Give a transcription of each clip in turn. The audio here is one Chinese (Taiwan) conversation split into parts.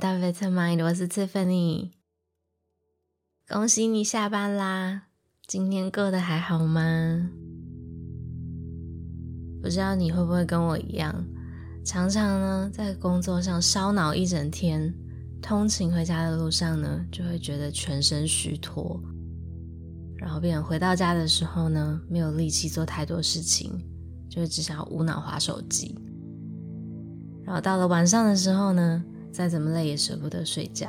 到 Vitamind，我是 Tiffany，恭喜你下班啦！今天過得還好嗎？不知道你會不會跟我一樣，常常呢在工作上燒腦一整天，通勤回家的路上呢就會覺得全身虛脫，然後變成回到家的時候呢沒有力氣做太多事情，就只想要無腦滑手機。然後到了晚上的時候呢，再怎麼累也捨不得睡覺，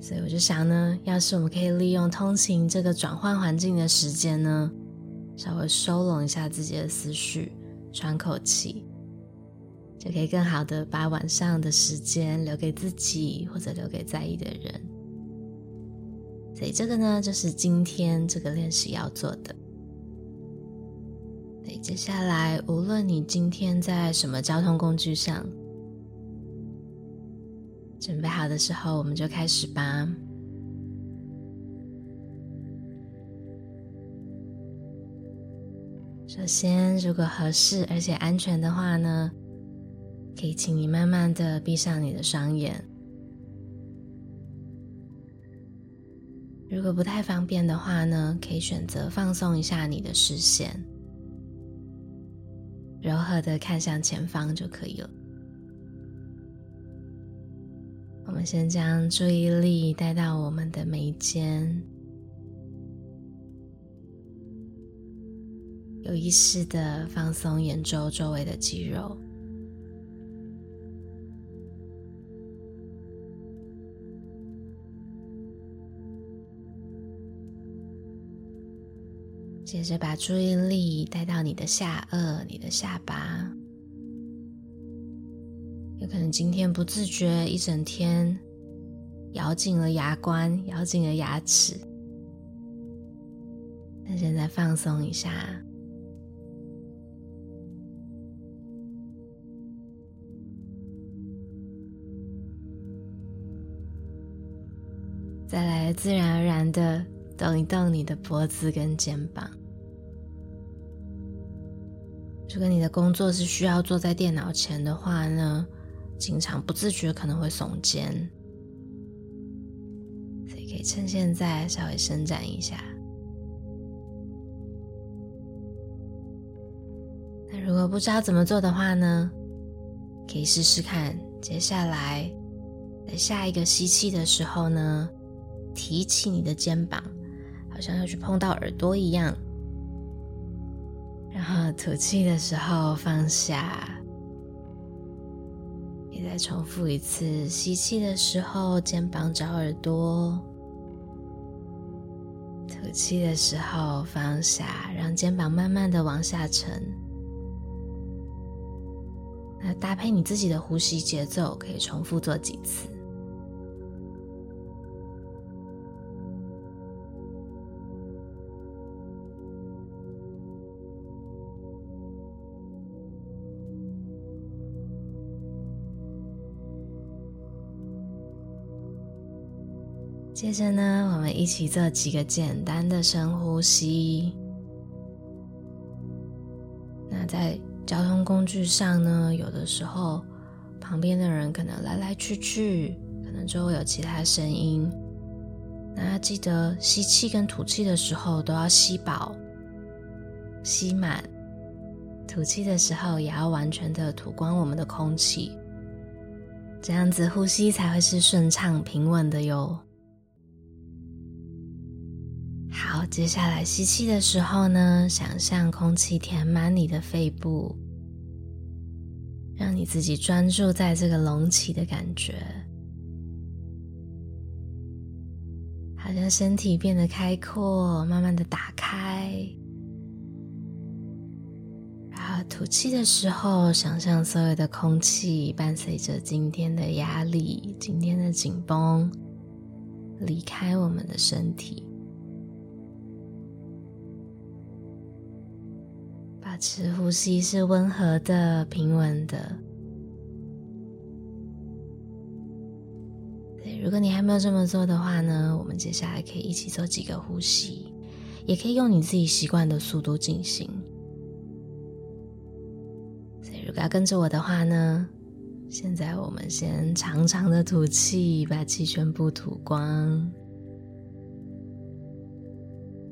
所以我就想呢，要是我們可以利用通勤這個轉換環境的時間呢，稍微收攏一下自己的思緒，喘口氣，就可以更好的把晚上的時間留給自己或者留給在意的人。所以這個呢，就是今天這個練習要做的。所以接下來，無論你今天在什麼交通工具上，準備好的時候，我們就開始吧。首先，如果合適而且安全的話呢，可以請你慢慢的閉上你的雙眼。如果不太方便的話呢，可以選擇放鬆一下你的視線，柔和的看向前方就可以了。我們先將注意力帶到我們的眉間，有意識地放鬆眼周周圍的肌肉，接着把注意力帶到你的下顎，你的下巴。有可能今天不自覺一整天咬緊了牙關，咬緊了牙齒，那現在放鬆一下，再來自然而然的動一動你的脖子跟肩膀。如果你的工作是需要坐在電腦前的話呢，經常不自覺可能會聳肩，所以可以趁現在稍微伸展一下。那如果不知道怎麼做的話呢，可以試試看。接下來在下一個吸氣的時候呢，提起你的肩膀，好像要去碰到耳朵一樣，然後吐氣的時候放下。你再重複一次：吸氣的時候，肩膀找耳朵；吐氣的時候放下，讓肩膀慢慢的往下沉。那搭配你自己的呼吸節奏，可以重複做幾次。接着呢，我們一起做幾個簡單的深呼吸。那在交通工具上呢，有的時候旁邊的人可能來來去去，可能就會有其他聲音。那要記得吸氣跟吐氣的時候都要吸飽、吸滿，吐氣的時候也要完全的吐光我們的空氣，這樣子呼吸才會是順暢平穩的喲。好，接下來吸氣的時候呢，想象空氣填滿你的肺部，讓你自己專注在這個隆起的感覺，好像身體變得開闊，慢慢的打開。然後吐氣的時候，想象所有的空氣伴隨着今天的壓力、今天的緊繃，離開我們的身體。直呼吸是溫和的、平穩的。對，如果你還沒有這麼做的話呢，我們接下來可以一起做幾個呼吸，也可以用你自己習慣的速度進行。所以，如果要跟着我的話呢，現在我們先長長的吐氣，把氣全部吐光，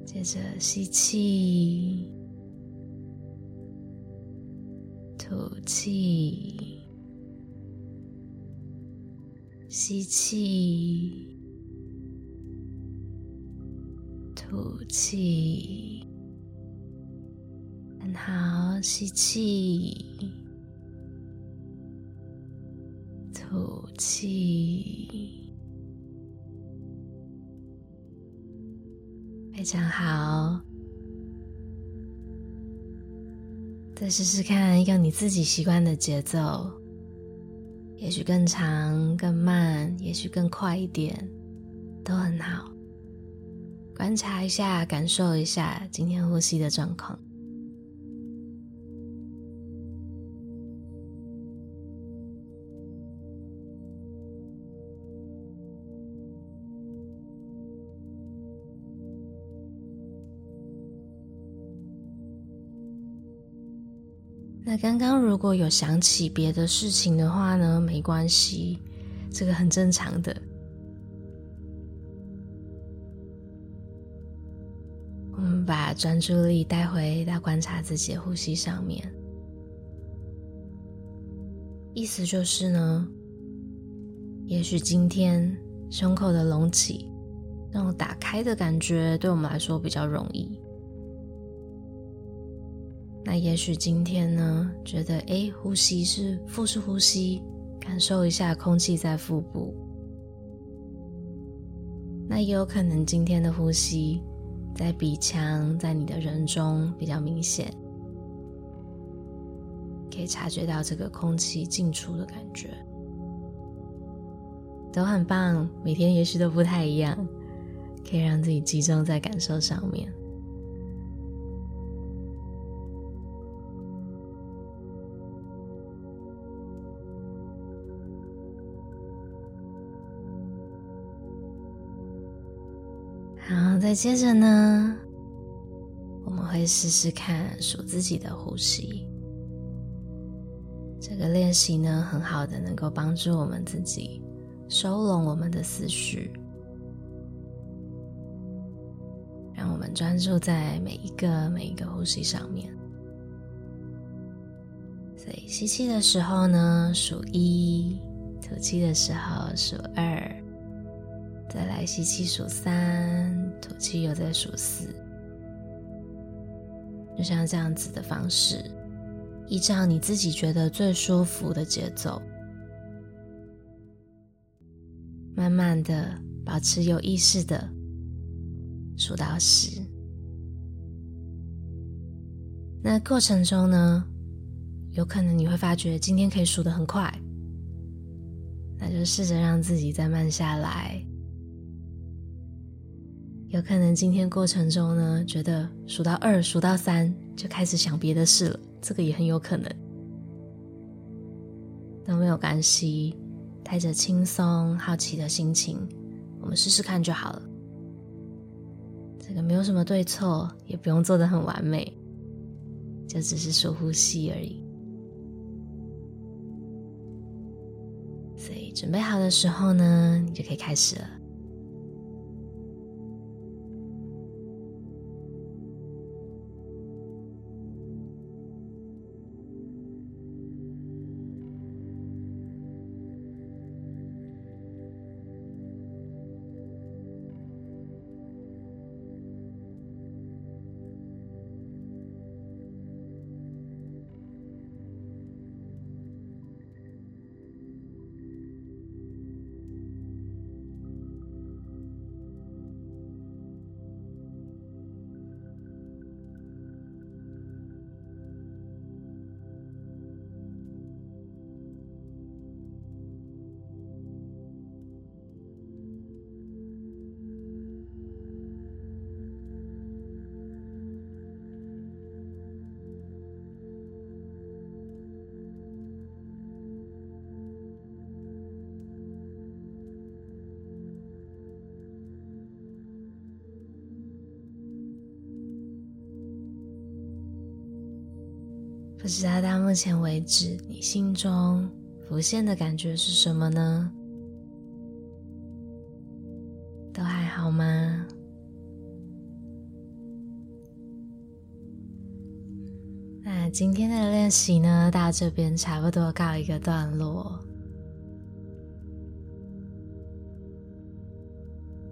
接着吸氣。吐氣，吸氣，吐氣，很好，吸氣，吐氣，非常好。再試試看，用你自己習慣的節奏，也許更長、更慢，也許更快一點，都很好。觀察一下，感受一下今天呼吸的狀況。那剛剛如果有想起別的事情的話呢，沒關係，這個很正常的。我們把專注力帶回到觀察自己的呼吸上面。意思就是呢，也許今天胸口的隆起，那種打開的感覺，對我們來說比較容易。那也許今天呢，覺得哎、欸，呼吸是腹式呼吸，感受一下空氣在腹部。那也有可能今天的呼吸在鼻腔，在你的人中比較明顯，可以察覺到這個空氣進出的感覺，都很棒。每天也許都不太一樣，可以讓自己集中在感受上面。再接着呢，我們會試試看數自己的呼吸。這個練習呢，很好的能夠幫助我們自己收攏我們的思緒，讓我們專注在每一個每一個呼吸上面。所以吸氣的時候呢，數一；吐氣的時候數二。再來吸氣數三，吐氣又再數四，就像這樣子的方式，依照你自己覺得最舒服的節奏，慢慢的保持有意識的數到十。那個過程中呢，有可能你會發覺今天可以數得很快，那就試着讓自己再慢下來。有可能今天過程中呢，覺得數到二、數到三就開始想別的事了，這個也很有可能，都沒有關係。帶着輕鬆、好奇的心情，我們試試看就好了。這個沒有什麼對錯，也不用做得很完美，就只是數呼吸而已。所以準備好的時候呢，你就可以開始了。不知道到目前為止，你心中浮現的感覺是什麼呢？都還好嗎？那今天的練習呢，到這邊差不多告一個段落。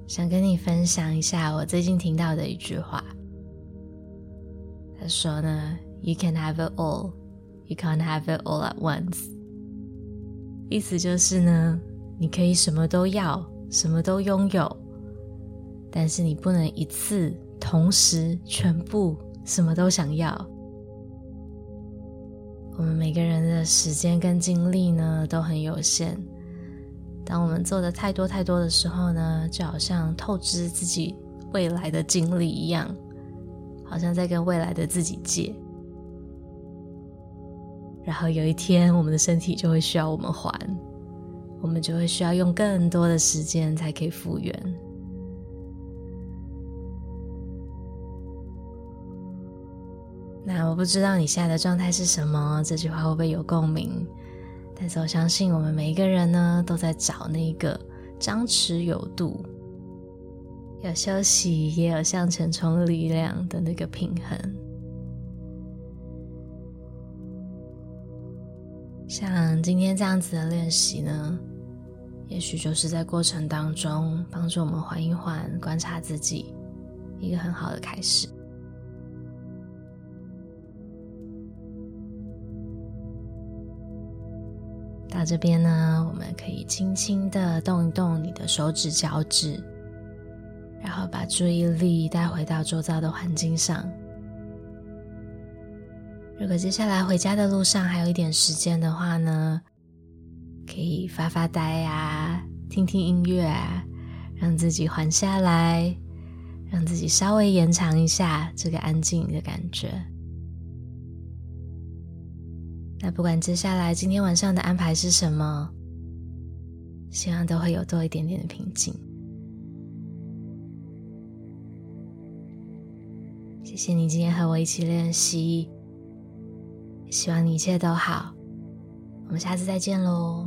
想跟你分享一下我最近聽到的一句話。他說呢，You can have it all, you can't have it all at once。意思就是呢，你可以什麼都要，什麼都擁有，但是你不能一次同時全部什麼都想要。我們每個人的時間跟精力呢都很有限，當我們做得太多太多的時候呢，就好像透支自己未來的精力一樣，好像在跟未來的自己借。然後有一天，我們的身體就會需要我們還，我們就會需要用更多的時間才可以復原。那我不知道你現在的狀態是什麼，這句話會不會有共鳴？但是我相信，我們每一個人呢，都在找那個張弛有度，有休息也有向前衝力量的那個平衡。像今天這樣子的練習呢，也許就是在過程當中幫助我們緩一緩、觀察自己，一個很好的開始。到這邊呢，我們可以輕輕的動一動你的手指、腳趾，然後把注意力帶回到周遭的環境上。如果接下來回家的路上還有一點時間的話呢，可以發發呆呀、啊，聽聽音樂、啊，讓自己緩下來，讓自己稍微延長一下這個安靜的感覺。那不管接下來今天晚上的安排是什麼，希望都會有多一點點的平靜。謝謝你今天和我一起練習。希望你一切都好，我們下次再見嘍。